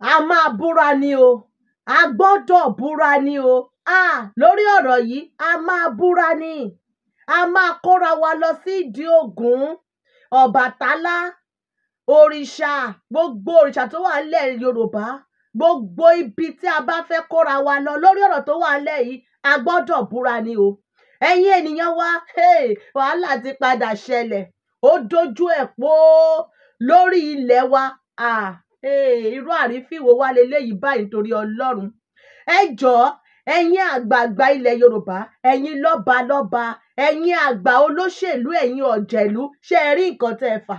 a máa búra ni o a gbọ́dọ̀ búra ni o a lórí ọ̀rọ̀ yìí a máa búra ni a máa kóra wa lọ sí ìdí ògún ọ̀bàtálá òrìṣà gbogbo òrìṣà tó wà nílẹ̀ yorùbá gbogbo ibi tí a bá fẹ́ kóra wa lọ lórí ọ̀rọ̀ tó wà nílẹ̀ yìí a gbọ́dọ̀ búra ni o ẹ̀yin ènìyàn wa wàhálà ti padà ṣẹlẹ̀ ó dojú ẹ̀ pọ̀ lórí ilẹ̀ wa irú àrífín wo wá leléyìí báyìí nítorí ọlọ́run ẹ jọ̀ọ́ ẹ̀yin àgbààgbà ilẹ̀ yorùbá ẹ̀yin lọ́ba lọ́ba ẹ̀yin àgbà olóṣèlú ẹ̀yin ọ̀jẹ̀lú ṣé ẹ rí nǹkan tẹ́ ẹ fà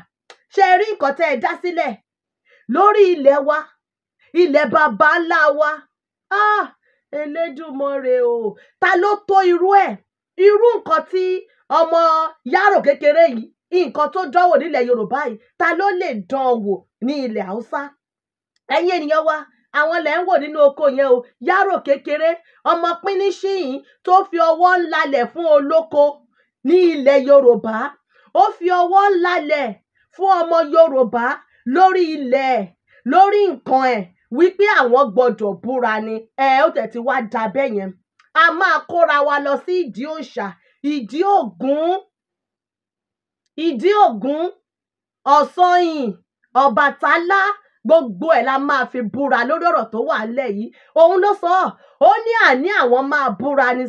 ṣé ẹ rí nǹkan tẹ́ ẹ dá sílẹ̀ lórí ilẹ̀ wa ilẹ̀ bàbá ńlá wa ah Elédùmarè o ta ló tó irú ẹ̀ irú nǹkan tí ọmọ yàrò kékeré yìí nǹkan tó dánwò nílẹ̀ yorùbá yìí ta ló lè dán wò ní ilẹ̀ haúsá ẹ̀yin ènìyàn wa àwọn lẹ̀ ń wò nínú oko yẹn o yárò kékeré ọmọ píníṣín tó fi ọwọ́ ńlalẹ̀ fún olóko ní ilẹ̀ yorùbá ó fi ọwọ́ ńlalẹ̀ fún ọmọ yorùbá lórí ilẹ̀ lórí nǹkan ẹ̀ wípé àwọn gbọ́dọ̀ búra ni ẹ ó tẹ̀tí wá da bẹ́ẹ̀ yẹn a máa kóra wa lọ sí ìdí òòṣà ìdí ògún ìdí ògún ọ̀sanyìn ọ̀bàtálá gbogbo ẹ̀ la máa fi búra lórí ọ̀rọ̀ tó wà ńlẹ̀ yìí òun ló sọ ó ní àní àwọn máa búra ní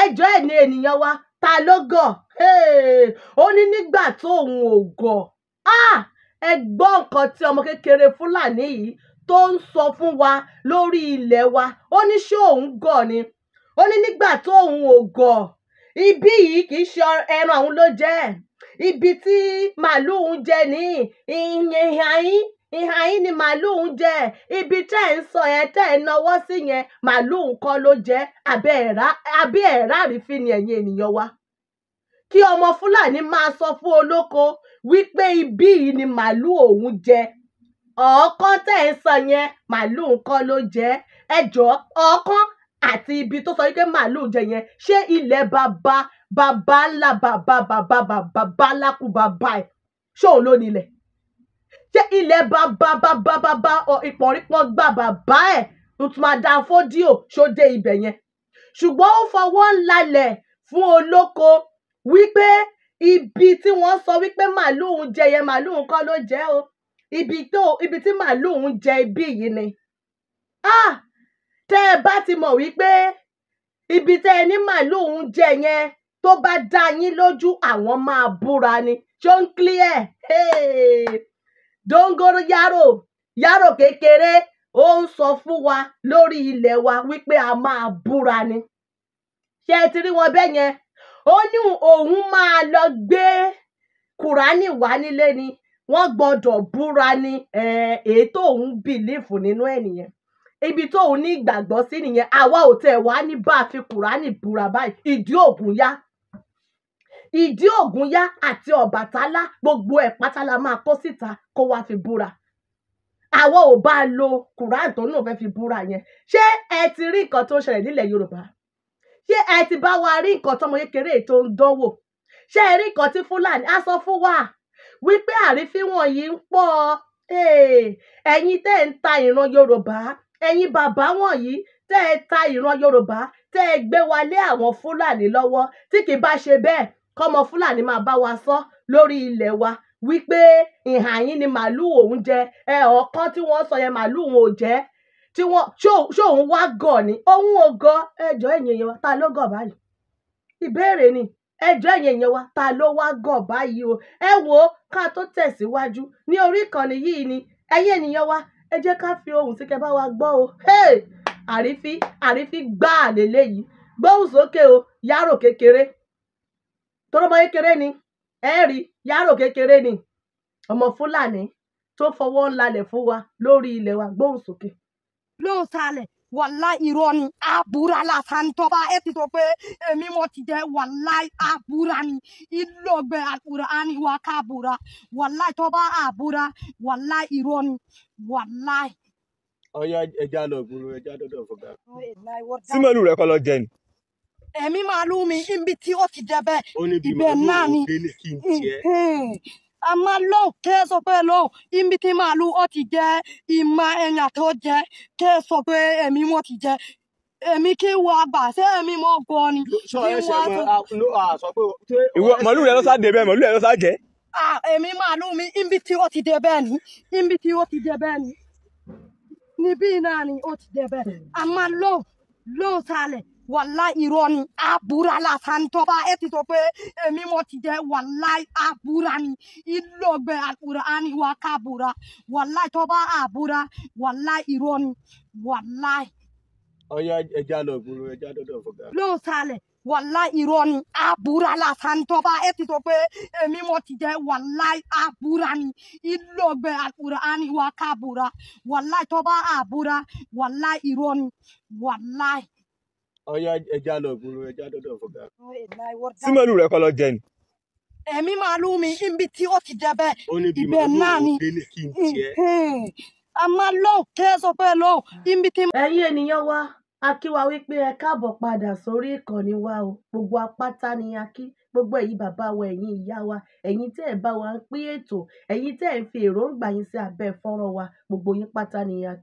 ẹjọ́ ẹ̀ ní ènìyàn wa ta ló gọ̀ ó ní nígbà tó òun ò gọ̀ ah! ẹ gbọ́ nǹkan tí ọmọ kékeré fúlàní yìí tó ń sọ fún wa lórí ilẹ̀ wa ó ní ṣé òun gọ̀ ni ó ní nígbà tó òun ò gọ̀ ibí yìí kì í ṣe ẹran àwọn ló jẹ́ ibi tí màálùú ń jẹ ní ìyẹn ayín ìhà yín ni màálùú ń jẹ ibi tẹ́ ẹ̀ ń sọ yẹn tẹ́ ẹ̀ náwó sí yẹn màálùú nǹkan ló jẹ́ àbí ẹ̀rá àrífín ni ẹ̀yin ènìyàn wa kí ọmọ fúlàní máa sọ fún olóko wípé ibí yìí ni màálùú òun jẹ ọ̀ọ́kán tẹ́ ẹ̀ ń sọ yẹn màálùú nǹkan ló jẹ́ ẹjọ́ ọ̀ọ́kán àti ibi tó sọ wípé màálùú jẹ yẹn ṣé ilẹ̀ bàbá bàbá ńlá bàbá bàbá bàbá lákùbàbá ẹ̀ ṣóun ló nílẹ̀ ṣé ilẹ̀ bàbá bàbá bàbá ìpọ̀nrípọ̀ gbà bàbá ẹ̀ ntùmàdà fódíò ṣòde ibẹ̀ yẹn ṣùgbọ́n ó fọwọ́ lálẹ̀ fún olóko wípé ibi tí wọ́n sọ wípé màlúù ń jẹ yẹn màlúù kọ́ ló jẹ́ o ibi tó ibi tí màlúù ń jẹ ibí yìí ni ah tẹ́ ẹ bá ti mọ̀ wípé ibi tẹ́ ẹ ní màlúù ń jẹ yẹn tó bá dá yín lójú àwọn máa búra ni ṣó ń clear. Hey dóńgóró yárò yárò kékeré ó ń sọ fún wa lórí ilẹ̀ wa wípé a máa búra ni ṣé ẹ ti rí wọn bẹ́ẹ̀ yẹn ó ní òun máa lọ gbé kùránì wá nílé ni wọ́n gbọ́dọ̀ búra ni èyí tó òun bìlífù nínú ẹ̀ nìyẹn ibi tó òun ní ìgbàgbọ́ sí nìyẹn àwa ò tẹ̀ wá ní bá a fi kùránì búra báyìí ìdí ògùn yá ìdí ògúnyá àti ọ̀bàtálá gbogbo ẹ̀ pátá la máa kó síta kó wá fi búra àwọn ò bá lo kùrán tó náà fẹ́ fi búra yẹn ṣé ẹ ti rí nǹkan tó ń ṣẹlẹ̀ nílẹ̀ yorùbá ṣé ẹ ti bá wa rí nǹkan tọmọ kékeré tó ń dánwò ṣé ẹ rí nǹkan tí fúlàní á sọ fún wa wípé àrífín wọ̀nyí ń pọ̀ ẹ̀yin tẹ́ ń ta ìran yorùbá ẹ̀yin bàbá wọ̀nyí tẹ́ ta ìran yorùbá tẹ́ gbé wa lé àwọn fúlàní lọ́wọ́ tí kì bá ṣe bẹ́ẹ̀ kọ́mọ fúlàní máa bá wa sọ lórí ilẹ̀ wa wípé ìhà yín ni màálùú òun jẹ ẹ ọ̀kan tí wọ́n sọ yẹn màálùú òun ò jẹ́ tí wọ́n ṣó òun wá gọ̀ ni òun ò gọ̀ ẹjọ́ ẹ̀yìn èèyàn wa ta ló gọ̀ báyìí ìbéèrè ni ẹjọ́ ẹ̀yìn èèyàn wa ta ló wá gọ̀ báyìí o ẹ wo ká tó tẹ̀síwájú ní orí ìkànnì yìí ni ẹ̀yin ènìyàn wa ẹ jẹ́ ká fi ohùn sí kẹ́ bá wa gbọ́ o àrífí àrífí gbáà lélẹ́yìí gbóhùn sókè o yárò kékeré torí ọmọ kékeré ni ẹ rí yàrá kékeré ni ọmọ fúlàní tó fọwọ́ ńlalẹ̀ fún wa lórí ilẹ̀ wa gbóhùn sókè. lóòótọ́ wàlá irọ́ ni àbúrà lásán tó bá ẹ ti sọ pé èmi mo ti jẹ wàlá àbúrà ni ìlọgbẹ àbúrà á ní wá káàbúrà wàlá tó bá àbúrà wàlá irọ́ ni wàlá. ọyá ẹja lọ gbúrú ẹja dọdọ fọgá oh símẹlú rẹ kọ lọ jẹ ni ẹ̀mí máa lú mi níbi tí ó ti débẹ̀ ibẹ̀ náà ni a máa lọ kẹ́ ẹ sọ pé lọ ibi tí máa lú ó ti jẹ́ ìmọ̀ ẹ̀yà tó jẹ́ kẹ́ ẹ sọ pé ẹ̀mí wọn ti jẹ́ èmi kí wọ àgbà ṣé èmi mọ gbọ ni. ìwọ màálù rẹ ló sá dé bẹ́ẹ̀ màálù rẹ ló sá jẹ. èmi màálù mi ibi tí ó ti dé bẹ́ẹ̀ ni ibi tí ó ti dé bẹ́ẹ̀ ni níbí náà ni ó ti dé bẹ́ẹ̀ a máa lọ lọ sálẹ̀ wàlá irọ́ ni àbúrà lásán tó bá ẹ ti sọ pé èmi mo ti jẹ wàlá àbúrà ni ìlọgbẹ àbúrà á ní wá kábúrà wàlá tó bá àbúrà wàlá irọ́ ni wàlá. ọyá ẹja lọ gbúrú ẹja dọdọ fọgá. ló ń salẹ̀ wàlá irọ́ ni àbúrà lásán tó bá ẹ ti sọ pé èmi mo ti jẹ wàlá àbúrà ni ìlọgbẹ àbúrà á ní wá kábúrà wàlá bá àbúrà wàlá irọ́ ni wàlá. ọyá ẹja lọ gbúrú ẹja dọdọ fọgá. símẹ́lù rẹ̀ kọ́ lọ jẹ ni. ẹ̀mí máa lú mi ibi tí ó ti jẹ bẹ́ẹ̀ ibẹ̀ náà ni a máa lọ kẹ́ sọ pé lọ ibi tí. ẹ̀yin ènìyàn wa a wípé ẹ káàbọ̀ padà sórí ìkànnì wa o gbogbo apáta ni a kí gbogbo ẹ̀yin bàbá wa ẹ̀yin ìyá wa ẹ̀yin tẹ́ ẹ̀ bá wa ń pín ètò ẹ̀yin tẹ́ ẹ̀ ń fi èròǹgbà yín sí abẹ́ fọ́nrán wa gbogbo yín pátá ni a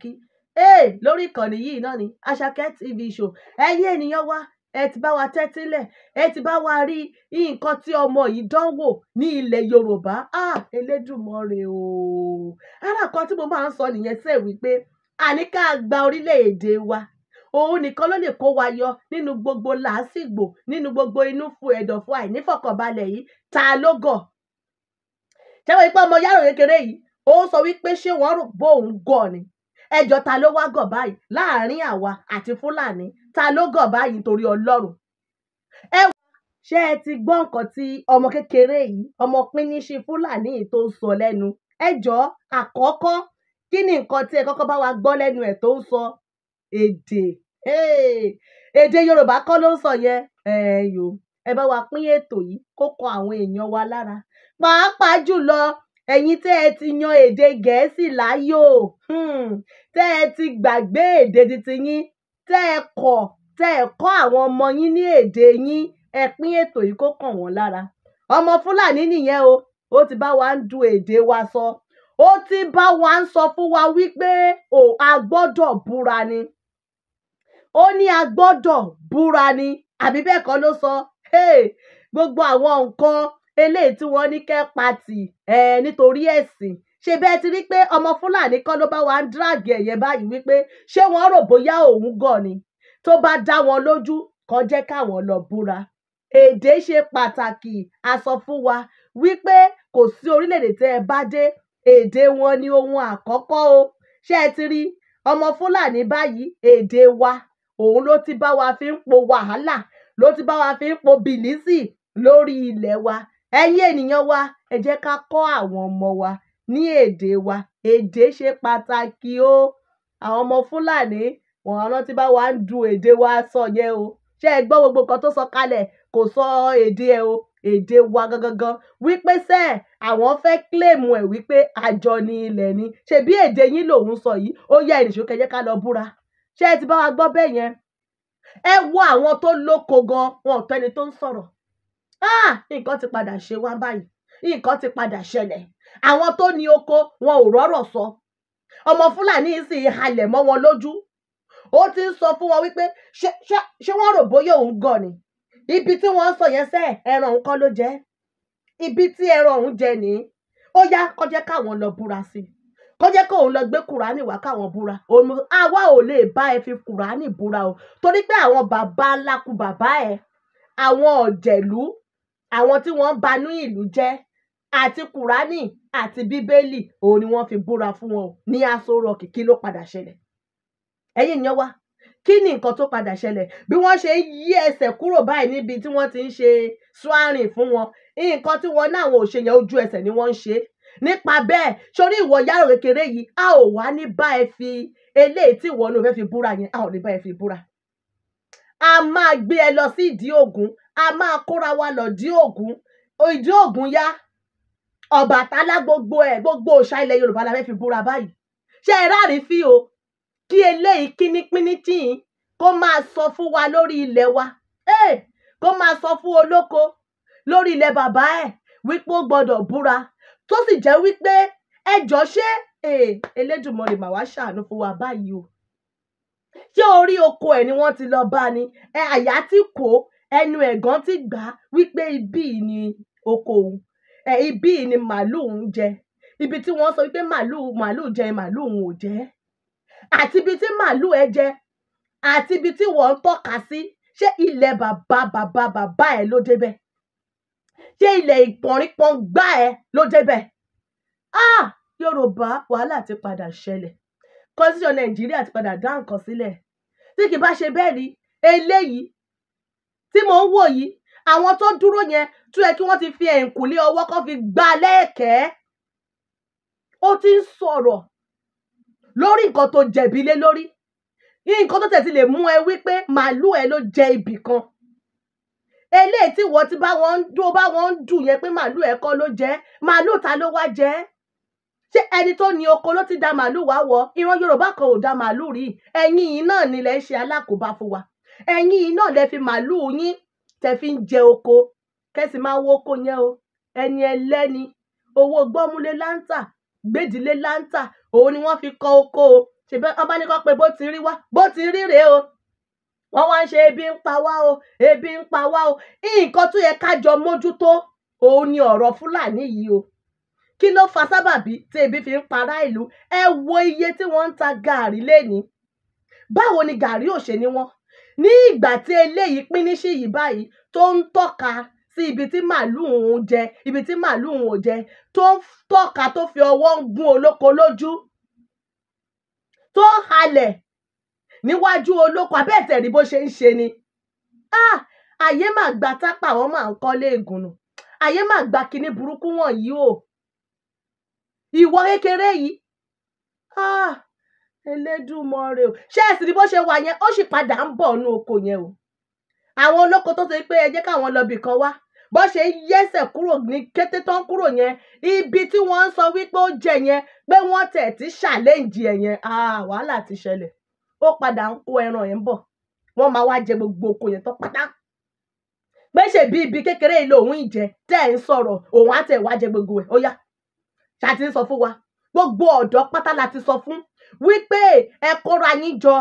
hey lórí ìkànnì yìí náà ni Àṣàkẹ́ TV show ẹ̀yin ènìyàn wa ẹ ti bá wa tẹ́tílẹ̀ ẹ ti bá wa rí nǹkan tí ọmọ yìí dánwò ní ilẹ̀ Yorùbá ah Elédùmarè o ara kan tí mo máa ń sọ nìyẹn sẹ́ wípé àní ká gba orílẹ̀-èdè wa òun nìkan ló lè kó wa yọ nínú gbogbo làásìgbò nínú gbogbo inú fún ẹ̀dọ̀fún àìnífọ̀kànbalẹ̀ yìí ta ló gọ̀ ṣé wọ́n ipá ọmọ yàrá kékeré yìí ó sọ wípé ṣé wọ́n rò bóun gọ̀ ni ẹjọ́ ta ló wá gọ̀ báyìí láàrin àwa àti fúlàní ta ló gọ̀ báyìí nítorí ọlọ́run ẹ wá ṣé ẹ ti gbọ́ nǹkan tí ọmọ kékeré yìí ọmọ píníṣì fúlàní yìí tó ń sọ lẹ́nu ẹjọ́ àkọ́kọ́ kí ni nǹkan tí ẹ kọ́kọ́ bá wa gbọ́ lẹ́nu ẹ̀ tó ń sọ èdè èdè yorùbá kọ́ ló ń sọ yẹn ẹ bá wa pín ètò yìí kó kọ àwọn èèyàn wa lára pàápàá jùlọ ẹ̀yin tẹ́ ẹ ti yan èdè gẹ̀ẹ́sì láyò hmm, tẹ́ ẹ ti gbàgbé èdè titi yín tẹ́ ẹ kọ̀ tẹ́ ẹ kọ́ àwọn ọmọ yín ní èdè yín ẹ pín ètò yìí kó kàn wọ́n lára ọmọ fúlàní nìyẹn o ó ti bá wa ń du èdè wa sọ ó ti bá wa ń sọ fún wa wípé o a gbọ́dọ̀ búra ni ó ní a gbọ́dọ̀ búra ni àbí bẹ́ẹ̀ kọ́ ló sọ gbogbo àwọn nǹkan eléyìí tí wọ́n ní kẹ́ pa tì nítorí ẹ̀sìn ṣe bẹ́ẹ̀ ti rí pé ọmọ fúlàní kan ló bá wa ń díràgì ẹ̀yẹ báyìí wípé ṣé wọ́n rò bóyá òun gọ̀ ni tó bá dá wọn lójú kan jẹ́ káwọn lọ búra èdè ṣe pàtàkì a sọ fún wa wípé kò sí orílẹ̀-èdè tẹ́ ẹ bá dé èdè wọn ni ohun àkọ́kọ́ o ṣé ẹ ti rí ọmọ fúlàní báyìí èdè wa òun ló ti bá wa fi ń po wàhálà ló ti bá wa fi ń po bìlísì lórí ilẹ̀ wa ẹ̀yin ènìyàn wa ẹ jẹ́ ká kọ́ àwọn ọmọ wa ní èdè wa èdè ṣe pàtàkì o àwọn ọmọ fúlàní wọn àwọn tí bá wa ń du èdè wa sọ yẹn o ṣé ẹ gbọ́ gbogbo nǹkan tó sọ kalẹ̀ kò sọ èdè ẹ o èdè wa gangan wípé sẹ́ àwọn fẹ́ kílèmù ẹ̀ wípé àjọ ni ilẹ̀ ni ṣebí èdè yín lòun sọ yìí ó yá ìrìnsò kẹjẹ ká lọ búra ṣé ẹ ti bá wa gbọ́ bẹ́ẹ̀ yẹn ẹ wo àwọn tó lóko gan wọn ò tẹ́ni tó ń sọ̀rọ̀ ah nǹkan ti padà ṣe wá báyìí nǹkan ti padà ṣẹlẹ̀ àwọn tó ní oko wọn ò rọ́rọ̀ sọ ọmọ fúlàní sì halẹ̀ mọ́ wọn lójú ó ti ń sọ fún wọn wípé ṣé wọ́n rò bóyá òun gan ni ibi tí wọ́n ń sọ yẹn sẹ́ ẹran òun kọ́ ló jẹ́ ibi tí ẹran òun jẹ nìyí ó yá kó jẹ́ káwọn lọ búra sí i kó jẹ́ kóun lọ gbé kùránì wá káwọn búra òun àwa ò lè bá ẹ fi kùránì búra o torí pé àwọn bàbá ńlá ku bàbá ẹ àwọn ọ̀jẹ̀lú àwọn tí wọ́n ń banú ìlú jẹ́ àti kùránì àti bíbélì òun ni wọ́n fi búra fún wọn ní aṣọ rock kí ló padà ṣẹlẹ̀ ẹ̀yin ìyẹn wá kí ni nǹkan tó padà ṣẹlẹ̀ bí wọ́n ṣe yí ẹsẹ̀ kúrò báyìí níbi tí wọ́n ti ń ṣe swarin fún wọn nǹkan tí wọ́n náà wọn ò ṣe yẹn ojú ẹsẹ̀ ni wọ́n ń ṣe nípa bẹ́ẹ̀ sórí ìwọ yàrá kékeré yìí a ò wá ní bá ẹ fi eléyìí tí ìwọ náà fẹ́ fi búra yẹn a ò ní bá ẹ fi búra a máa gbé ẹ lọ sí ìdí ògún a máa kóra wa lọ dí Ògún ìdí Ògún yá Ọbàtálá gbogbo ẹ̀ gbogbo òòṣà ilẹ̀ Yorùbá la fẹ́ fi búra báyìí ṣé ẹ ráàrí fi o kí eléyìí kínnípínní tíì kó máa sọ fún wa lórí ilẹ̀ wa kó máa sọ fún olóko lórí ilẹ̀ bàbá ẹ̀ wípé ó gbọ́dọ̀ búra tó sì jẹ́ wípé ẹjọ́ ṣé eh, Elédùmarè mà ṣàánú fún wa báyìí o ṣé orí oko ẹ̀ ni wọ́n ti lọ bá ni àyà ti kò ó ẹnu ẹ̀gàn ti gbà á wípé ibí ni oko òun ẹ ibí ni màálù òun jẹ ibi tí wọ́n sọ wípé màálù màálù jẹ màálù òun ò jẹ àti ibi tí màálù ẹ jẹ àti ibi tí wọ́n ń tọ́ka sí ṣé ilẹ̀ bàbá bàbá bàbá ẹ ló débẹ̀ ṣé ilẹ̀ ìpọ̀nrípọ̀n gbá ẹ ló débẹ̀ ah Yorùbá wàhálà ti padà ṣẹlẹ̀ constitution Nàìjíríà ti padà dá nǹkan sílẹ̀ tí kì bá ṣe bẹ́ẹ̀ ni eléyìí tí mò ń wò yìí àwọn tó dúró yẹn tó yẹ kí wọ́n ti fi ẹ̀ǹkùlé ọwọ́ kan fi gbá lẹ́ẹ̀kẹ́ ó ti ń sọ̀rọ̀ lórí nǹkan tó jẹ̀bi lé lórí nǹkan tó tẹ̀sí lè mú ẹ wípé màálù ẹ ló jẹ ibì kan eléyìí tí wọ́n ti bá wọn ń dún bá wọn ń dùn yẹn pé màálù ẹ kọ́ ló jẹ́ màálù ta ló wá jẹ́ ṣé ẹni tó ní oko ló ti da màálù wá wọ ìran Yorùbá kan ò da màálù rí ẹ̀yin yìí náà nílẹ̀ ṣe alákòóbá fún wa ẹ̀yin iná lẹ fi màálùú yín tẹ fi ń jẹ oko kẹsì máa wo oko yẹn o ẹni ẹlẹ́ni owó gbọ́múlé láńtà gbèdílé láńtà òun ni wọ́n fi kọ oko o ṣèbẹ́ ọba ní kọ́ pé bó ti rí wá bó ti rí rèé o wọ́n wá ń ṣe ebi ń pa wá o ebi ń pa wá o nǹkan tó yẹ ká mójútó òun ni ọ̀rọ̀ fúlàní yìí o kí ló fa sábàbí tí ebi fi ń para ìlú ẹ wo iye tí wọ́n ń ta gàárì lẹ́ni báwo ni gàárì ò ṣe ní wọ́n ní ìgbà tí eléyìí píníṣì yìí báyìí tó ń tọ́ka sí ibi tí màálùú òun jẹ ibi tí màálùú òun ò jẹ tó ń tọ́ka tó fi ọwọ́ ń gún olóko lójú tó ń halẹ̀ níwájú olóko abẹ́ẹ̀tẹ̀ rí bó ṣe ń ṣe ni àyè máa gba tápà wọn máa ń kọ́lé ìgùnnù àyè máa gba kinní burúkú wọ̀nyí o ìwọ kékeré yìí. Ah. Elédùmarè o ṣé ẹ sì rí bó ṣe wà yẹn ó sì padà ń bọ̀ nínú oko yẹn o àwọn olóko tó ṣe pé ẹ jẹ́ káwọn lọ bìkan wá bó ṣe yẹ́sẹ̀ kúrò ní kété tán kúrò yẹn ibi tí wọ́n ń sọ wípé ó jẹ yẹn pé wọ́n tẹ̀ tí ṣàlẹ́ǹjì ẹ̀ yẹn wàhálà ti ṣẹlẹ̀ ó padà ń kó ẹran yẹn bọ̀ wọ́n máa wá jẹ gbogbo oko yẹn tán pátá pé ṣe bí ibi kékeré yìí lòun ìjẹ tẹ́ ẹ̀ ń sọ̀rọ̀ òun á tẹ̀ wá jẹ gbogbo ẹ̀ ó yá ṣáà ti ń sọ fún wa gbogbo ọ̀dọ́ pátá la ti sọ fún wípé ẹ kóra yín jọ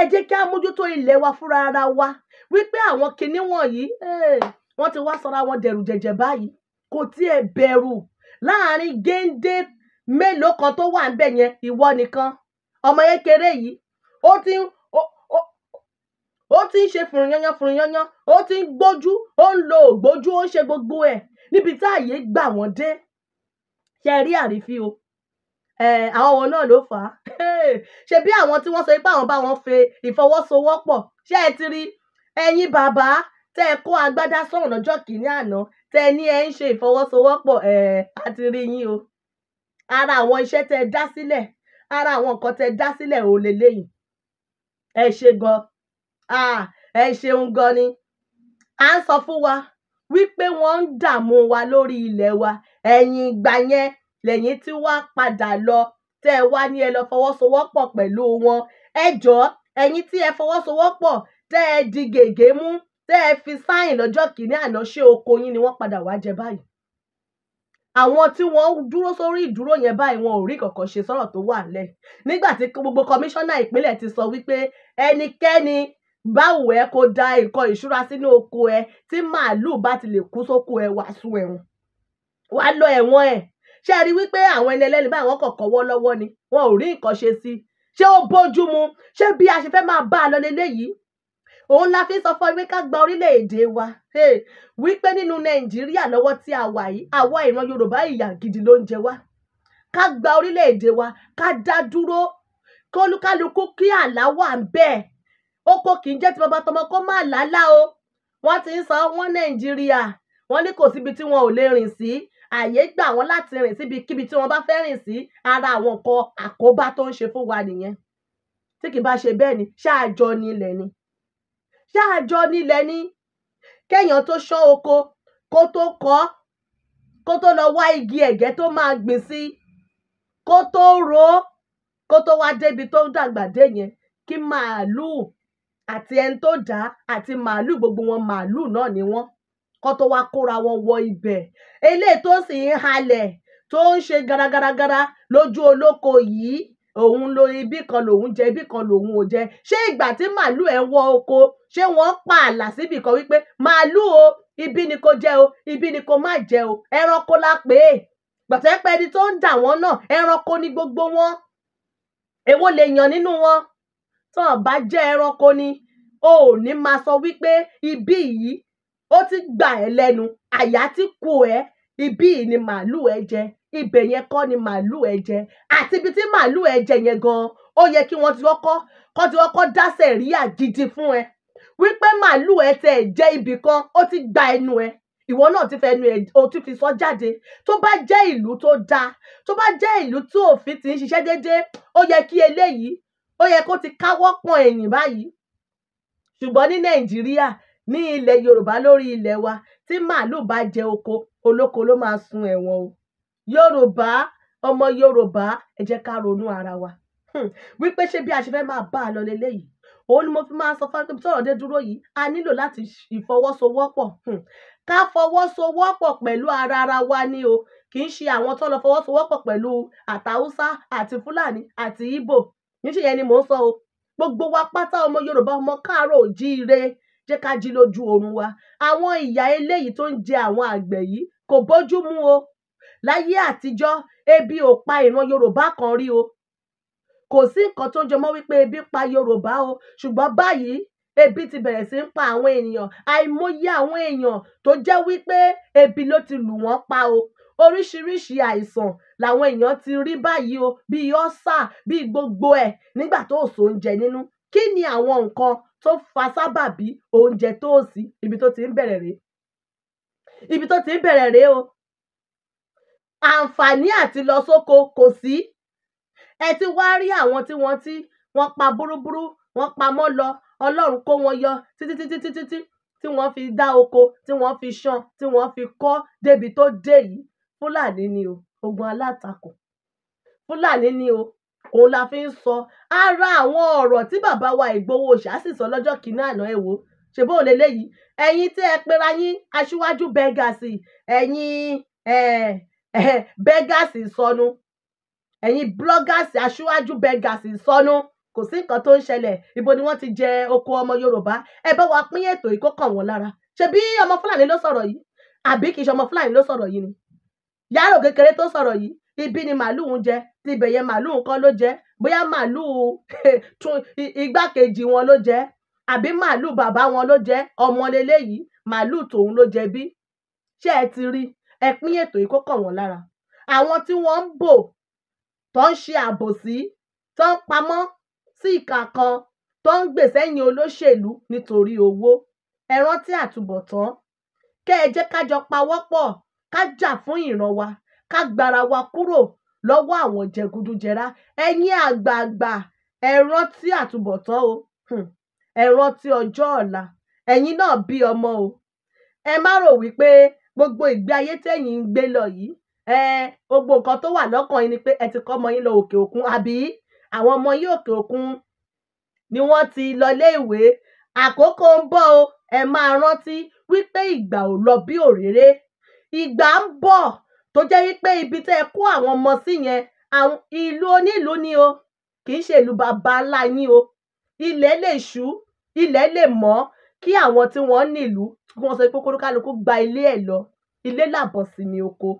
ẹ jẹ́ kí á mójútó ilẹ̀ wa fúnra ara wa wípé àwọn kinní wọ̀nyí eh, wọ́n ti wá sọra wọn dẹ̀rù jẹ̀jẹ̀ báyìí kò tiẹ̀ bẹ̀rù láàrin géńdé mélòó kan tó wà ńbẹ̀ yẹn ìwọ nìkan ọmọ kékeré yìí ó ti ń ó ti ń ṣe fùrùyányán fùrùyányán ó ti ń gbójú ó ń lo ògbójú ó ń ṣe gbogbo ẹ̀ níbi tá àyè gbà wọ́n dé ṣe rí àrífín o Eh, àwọn wo náà ló fà á ṣe bí àwọn tí wọ́n sọ pé àwọn bá wọn fe ìfọwọ́sowọ́pọ̀ ṣé ẹ ti rí ẹ̀yin bàbá tẹ́ ẹ kó agbádá sọ̀rọ̀ lọ́jọ́ kìíní àná tẹ́ ẹ ní ẹ ń ṣe ìfọwọ́sowọ́pọ̀ ẹ̀ á ti rí yín o ara àwọn iṣẹ́ tẹ́ ẹ dá sílẹ̀ ara àwọn nǹkan tẹ́ ẹ dá sílẹ̀ ò lè léyìn ẹ ṣe gan ẹ ṣeun gan ni à ń sọ fún wa wípé wọ́n ń dààmú wa lórí ilẹ̀ wa ẹ̀yìn ìgbà yẹn lẹ́yìn tí wàá padà lọ tẹ́ ẹ wá ní ẹ lọ fọwọ́sowọ́pọ̀ pẹ̀lú wọn ẹ jọ ẹ̀yin tí ẹ fọwọ́sowọ́pọ̀ tẹ́ ẹ di gègé mú tẹ́ ẹ fi sáyìn lọ́jọ́ kìíní àná ṣé oko yín ni wọ́n padà wá jẹ báyìí àwọn tí wọ́n dúró sórí ìdúró yẹn báyìí wọn ò rí kankan ṣe sọ̀rọ̀ tó wà lẹ̀ nígbà tí gbogbo kọmíṣánná ìpínlẹ̀ ti sọ wípé ẹnikẹ́ni báwo ẹ kó da nǹkan ìṣúra sínú oko ẹ tí màálùú bá ti lè kú sóko ẹ wàásù ẹ̀wọ̀n wàá lọ ẹ̀wọ̀n ẹ̀ ṣé ẹ rí wípé àwọn ẹni ẹlẹ́ni báyìí wọ́n kàn kọ́wọ́ lọ́wọ́ ni wọn ò rí nǹkan ṣe sí i ṣé ó bójú mu ṣé bí a ṣe fẹ́ máa bá a lọ leléyìí òun la fi sọ fún wípé ká gba orílẹ̀-èdè wa wípé nínú nàìjíríà lọ́wọ́ tí a wà yìí àwa ìran yorùbá ìyà gidi ló ń jẹ wá ká gba orílẹ̀-èdè wa ká dá dúró kólúkálukú kí àlá wà ń bẹ́ẹ̀ oko kì í jẹ́ ti bàbá tọmọ kó má làálàá o wọ́n ti ń sọ wọ́n nàìjíríà wọ́n ní kò síbi tí wọn ò lè rìn sí àyè gbà wọ́n láti rìn síbikíbi tí wọ́n bá fẹ́ rìn sí ara àwọn nǹkan àkóbá tó ń ṣe fún wa nìyẹn tí kì bá ṣe bẹ́ẹ̀ ni ṣáàjọ nílẹ̀ ni ṣáàjọ nílẹ̀ ni kéèyàn tó ṣán oko kó tó kọ́ kó tó lọ wá igi ẹ̀gẹ́ tó máa gbìn sí kó tó ro kó tó wá débi tó ń dàgbà dé yẹn kí màálùú àti ẹni tó dá àti màálùú gbogbo wọn màálùú náà ni wọ́n kó tó wá kóra wọn wọ ibẹ̀ eléyìí tó sì ń halẹ̀ tó ń ṣe garagaragara lójú olóko yìí òun lo ibì kan lòun jẹ ibì kan lòun ò jẹ ṣé ìgbà tí màálù ẹ wọ oko ṣé wọ́n pa àlà síbì kan wípé màálù o ibi ni kò jẹ o ibi ni kò má jẹ o ẹranko la pè é gbọ̀tẹ́pẹ́ ẹni tó ń dà wọ́n náà ẹranko ni gbogbo wọn èwo lè yàn nínú wọn tó bá jẹ́ ẹranko ni o ò ní máa sọ wípé ibí yìí ó ti gbà ẹ́ lẹ́nu àyà ti kù ẹ́ ibí ni màálù ẹ jẹ ibẹ̀ yẹn kọ́ ni màálù ẹ jẹ àti ibi tí màálù ẹ jẹ yẹn gan-an ó yẹ kí wọ́n ti kọ́kọ́ kọ́ ti kọ́kọ́ dá sẹ̀ríà gidi fún ẹ wípé màálù ẹ tẹ ẹ jẹ ibì kan ó ti gba ẹnu ẹ ìwọ náà ti fẹnu ẹ o ti fi sọ jáde tó bá jẹ́ ìlú tó dáa tó bá jẹ́ ìlú tí òfin ti ń ṣiṣẹ́ déédéé ó yẹ kí eléyìí ó yẹ kó ti káwọ́ pọ̀n ẹ̀yìn báyìí ṣùgbọ́n ní nàìjíríà ní ilẹ̀ Yorùbá lórí ilẹ̀ wa tí màálù bá jẹ oko olóko ló máa sun ẹ̀wọ̀n o Yorùbá ọmọ Yorùbá ẹ jẹ́ ká ronú ara wa hmm, wípé ṣé bí a ṣe fẹ́ máa bá a lọ leléyìí òun ni mo fi máa sọ fún akẹ́kọ̀ọ́ sọ̀rọ̀ dé dúró yìí a nílò láti ìfọwọ́sowọ́pọ̀ hmm, ká fọwọ́sowọ́pọ̀ pẹ̀lú ara wa ni o kì í ṣe àwọn tó lọ fọwọ́sowọ́pọ̀ pẹ̀lú àtàwùsá àti Fúlàní àti ibo níṣẹ́ yẹn ni mò ń sọ o gbogbo wa pátá ọmọ Yorùbá ọmọ káàárọ̀ òjíire jẹ́ ká jí lójú oorun wa àwọn ìyà eléyìí tó ń jẹ àwọn àgbẹ̀ yìí kò bójú mu o láyé àtijọ́ ebi ò pa ìran Yorùbá kan rí o kò sí nǹkan tó ń jẹ mọ́ wípé ebi pa Yorùbá o ṣùgbọ́n báyìí ebi ti bẹ̀rẹ̀ sí ń pa àwọn ènìyàn àìmọye àwọn èèyàn tó jẹ́ wípé ebi ló ti lù wọ́n pa o oríṣiríṣi àìsàn làwọn èèyàn ti rí báyìí o bíi ọ́sà bíi gbogbo ẹ̀ nígbà tó sóúnjẹ nínú kí ni àwọn nǹkan tó fa sábàbí oúnjẹ tó ò sí ibi tó ti ń bẹ̀rẹ̀ rèé ibi tó ti ń bẹ̀rẹ̀ rèé o àǹfààní àti lọ sóko kò sí ẹ ti wá rí àwọn tí wọ́n ti wọ́n pa búrúbúrú wọ́n pa mọ́ lọ ọlọ́run kó wọn yọ títí títí títí tí tí wọ́n fi dá oko tí wọ́n fi ṣan tí wọ́n fi kọ́ débi tó dé yìí fúlàní ni o ogun alátakò fúlàní ni o òun la fi ń sọ ara àwọn ọ̀rọ̀ tí bàbá wa Ìgbòho Òòṣà sì sọ lọ́jọ́ kìíní àná ẹ̀ wò ṣèbó òun lélẹ́yìí ẹ̀yin tí ẹ pera yín aṣíwájú bẹ́gàsì ẹ̀yin bẹ́gàsì sọnù ẹ̀yin blọ́gàsì aṣíwájú bẹ́gàsì sọnù kò sí nǹkan tó ń ṣẹlẹ̀ ibo ni wọ́n ti jẹ oko ọmọ Yorùbá ẹ bá wa pín ètò ìkókàn wọn lára ṣebí ọmọ Fúlàní ló sọ̀rọ̀ yìí àbí kì í ṣe ọmọ Fúlàní ló sọ̀rọ̀ yìí ni yàrá kékeré tó sọ̀rọ̀ yìí ibi ni màálù ń jẹ ibẹ̀ yẹn màálù nǹkan ló jẹ́ bóyá màálù tún igbákejì wọn ló jẹ́ àbí màálù bàbá wọn ló jẹ́ ọmọ leléyìí màálù tòun ló jẹ bí ṣé ẹ ti rí ẹ pín ètò yìí kó kàn wọ́n lára àwọn tí wọ́n ń bò tó ń ṣe àbòsí tó ń pamọ́ sí ìka kan tó ń gbèsè ẹ̀yìn olóṣèlú nítorí owó ẹ rántí àtúbọ̀tán kẹ́ ẹ jẹ́ ká jọ pawọ́pọ̀ ká jà fún ìran wa ká gbára wa kúrò lọ́wọ́ àwọn jẹgúdújẹrá ẹ̀yin àgbààgbà ẹ rántí àtúbọ̀tán o hmm. ẹ rántí ọjọ́ ọ̀la ẹ̀yin náà bí ọmọ o ẹ má rò wípé gbogbo ìgbé ayé tẹ̀yin ń gbé lọ yìí gbogbo nǹkan tó wà lọ́kàn yín ni pé ẹ ti kọ́ ọmọ yín lọ òkè òkun àbí àwọn ọmọ yín òkè òkun ni wọ́n ti lọ lé ìwé àkókò ń bọ̀ o ẹ máa rántí wípé ìgbà ò lọ bí òréré ìgbà ń bọ̀ tó jẹ́ wípé ibi tẹ́ ẹ kó àwọn ọmọ sí yẹn ìlú onílùú ni o kì í ṣe ìlú bàbá ńlá yín o ilẹ̀ lè ṣú ilẹ̀ lè mọ́ kí àwọn tí wọ́n nílùú kí wọ́n sọ pé kólúkálukú gba ilé ẹ̀ lọ ilé làbọ̀ sí ni oko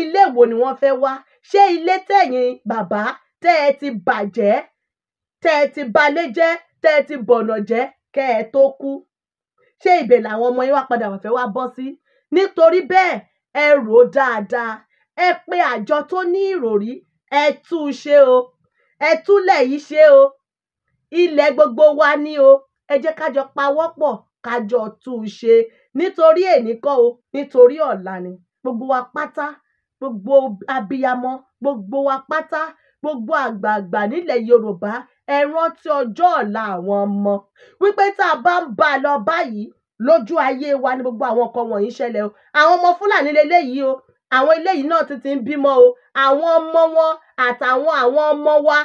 ilé wo ni wọ́n fẹ́ wá ṣé ilé tẹ̀yìn bàbá tẹ́ ẹ ti bàjẹ́ tẹ́ ẹ ti balé jẹ́ tẹ́ ẹ ti bọ̀nà jẹ́ kẹ́ ẹ tó kú ṣé ibẹ̀ làwọn ọmọ yín wá padà wá fẹ́ wá bọ́ sí nítorí bẹ́ẹ̀ ẹ rò ó dáadáa ẹ pe àjọ tó ní ìròrí ẹ tún ṣe o ẹ túlẹ̀ yìí ṣe o ilẹ̀ gbogbo wa ni o ẹ jẹ́ ká jọ pawọ́pọ̀ ká jọ tún un ṣe nítorí èní kọ́ o nítorí ọ̀la ni gbogbo wa pátá gbogbo abiyamọ gbogbo wa pátá gbogbo àgbààgbà nílẹ̀ Yorùbá ẹ rántí ọjọ́ ọ̀la àwọn ọmọ wípé tá a bá ń bá a lọ báyìí lójú ayé wa ni gbogbo àwọn nǹkan wọ̀nyí ṣẹlẹ̀ o àwọn ọmọ fúlàní lélẹ́yìí o àwọn eléyìí náà ti ti ń bímọ o àwọn ọmọ wọn àtàwọn àwọn ọmọ wa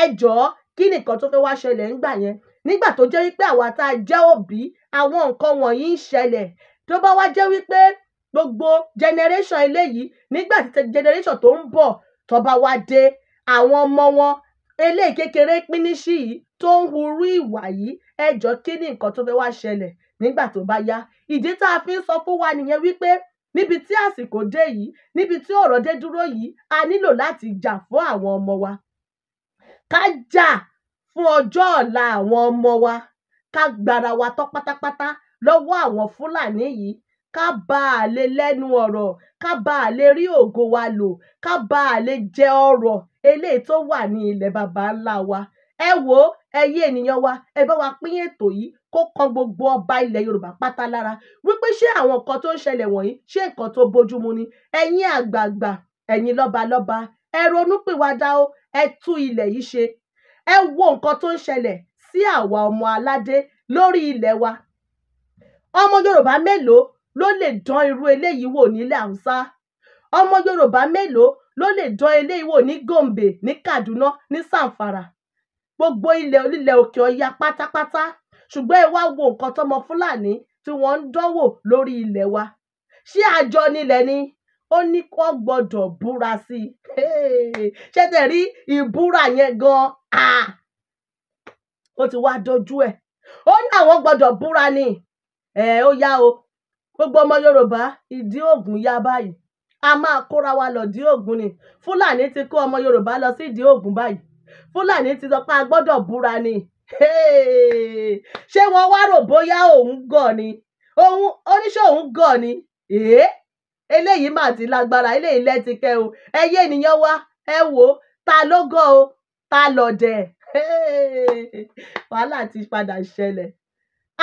ẹ jọ̀ọ́ kí nìkan tó fẹ́ wá ṣẹlẹ̀ ńgbà yẹn nígbà tó jẹ́ wípé àwa tá a jẹ́ òbí àwọn nǹkan wọ̀nyí ń ṣẹlẹ̀ tó bá wá jẹ́ wípé gbogbo generation eléyìí nígbà tí generation tó ń bọ̀ tó bá wá dé àwọn ọmọ wọn eléyìí kékeré pínísì yìí tó ń hurú ìwà yìí ẹ jọ̀ọ́ kí ni tó fẹ́ wá ṣẹlẹ̀ nígbà tó bá yá ìdí tá a fi ń sọ fún wa nìyẹn wípé níbi tí àsìkò dé yìí níbi tí ọ̀rọ̀ dé dúró yìí a nílò láti jà fún àwọn ọmọ wa ká jà fún ọjọ́ ọ̀la àwọn ọmọ wa ká gbára wa tọ́ pátápátá lọ́wọ́ àwọn Fúlàní yìí ká bá a lè lẹ́nu ọ̀rọ̀ ká bá a lè rí ògo wa lò ká bá a lè jẹ ọrọ̀ eléyìí tó wà ní ilẹ̀ baba ńlá wa ẹ wo ẹyé ènìyàn wa ẹ bá wa pín ètò yìí kó kan gbogbo ọba ilẹ̀ yorùbá pátá lára wípé ṣé àwọn nǹkan tó ń ṣẹlẹ̀ wọ̀nyí ṣé nǹkan tó bójúmu ni ẹ̀yin àgbààgbà ẹ̀yin lọ́balọ́ba ẹ ronúpìwàdà o ẹ tú ilẹ̀ yìí ṣe ẹ wo nǹkan tó ń ṣẹlẹ̀ sí àwa ọmọ aládé lórí ilẹ̀ wa ọmọ yorùbá mélòó ló lè dán irú eléyìí wò nílẹ̀ haúsá ọmọ yorùbá mélòó ló lè dán eléyìí wò ní gombe ní kaduna ní sanfara gbogbo ilẹ̀ onílẹ̀ òkè ọya pátápátá ṣùgbọ́n ẹ wá wo nǹkan tọmọ fúlàní tí wọ́n ń dánwò lórí ilẹ̀ wa ṣé àjọ nílẹ̀ ni ó ní kó gbọdọ̀ búra sí i ṣé tẹ̀ rí ìbúra yẹn gan-an ó ti wá dojú ẹ̀ ó ní àwọn gbọ́dọ̀ búra ni ẹ̀ ó yá o gbogbo ọmọ Yorùbá ìdí ògùn ya báyìí a máa kóra wa lọ dí ògùn ni Fúlàní ti kó ọmọ Yorùbá lọ sí ìdí ògùn báyìí fúlàní ti sọ pé a gbọ́dọ̀ búra ni ṣé wọ́n wá rò bóyá òun gọ̀ ni òun oníṣẹ́ òun gọ̀ ni eléyìí mà ti lágbára eléyìí lẹ́tìkẹ́ o ẹyẹ ènìyàn wá ẹ wò ta ló gọ̀ o ta lọ̀dẹ̀ wàhálà ti padà ṣẹlẹ̀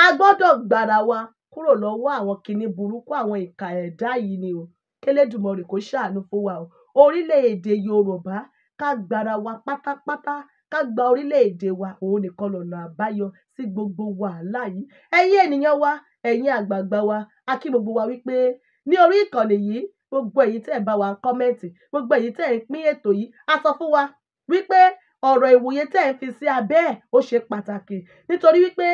a gbọ́dọ̀ gbàrà wa kúrò lọ́wọ́ àwọn kinní burúkú àwọn ìka ẹ̀dá yìí ni o kélédùmọ̀rì kó ṣàánú fún wa o orílẹ̀-èdè Yorùbá ká gbára wa pátápátá ká gba orílẹ̀-èdè wa òun nìkan lọ́nà àbáyọ sí gbogbo wàhálà yìí ẹ̀yin ènìyàn wa ẹ̀yin àgbààgbà wa a kí gbogbo wa wípé ní orí ìkànnì yìí gbogbo èyí tẹ́ ẹ̀ bá wa kọ́mẹ́ǹtì gbogbo èyí tẹ́ ẹ̀ ń pín ètò yìí a sọ fún wa wípé ọ̀rọ̀ ìwòye tẹ́ ń fi sí abẹ́ ẹ̀ ó ṣe pàtàkì nítorí wípé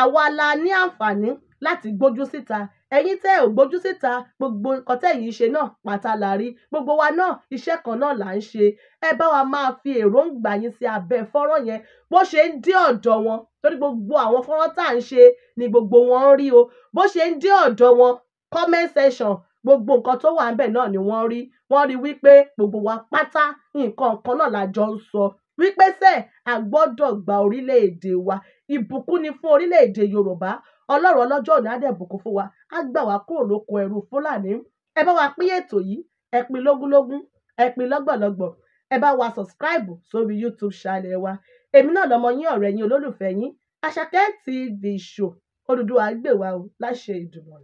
àwa la ní àǹfààní láti gbójú síta ẹ̀yin tẹ́ ò gbójú síta gbogbo nǹkan tẹ́yin ṣe náà pátá la rí gbogbo wa náà iṣẹ́ kan náà là ń ṣe ẹ bá wa máa fi èròǹgbà yín sí abẹ́ fọ́nrán yẹn bó ṣe ń dé ọ̀dọ̀ wọn torí gbogbo àwọn fọ́nrán tá à ń ṣe ni gbogbo wọn ń rí o bó ṣe ń dé ọ̀dọ̀ wọn comment section gbogbo nǹkan tó wà ńbẹ̀ náà ni wọ́n rí wọ́n rí wípé gbogbo wa pátá nǹkan kan náà la jọ ń sọ wípé sẹ́ a gbọ́dọ̀ gba orílẹ̀-èdè wa ìbùkún ni fún orílẹ̀-èdè Yorùbá ọlọ́run ọlọ́jọ́ òní á dẹ̀ bùkún fún wa á gbà wá kúrò lóko ẹrú fúlàní ẹ bá wa pín ètò yìí ẹ pín lógúnlógún ẹ pín lọ́gbọ̀nlọ́gbọ̀n ẹ bá wa subscribe sórí youtube channel wa èmi náà lọmọ yín ọ̀rẹ́ yín olólùfẹ́ yín àṣàkẹ́ tv show olùdó àgbèwà o láṣẹ ìdùnnú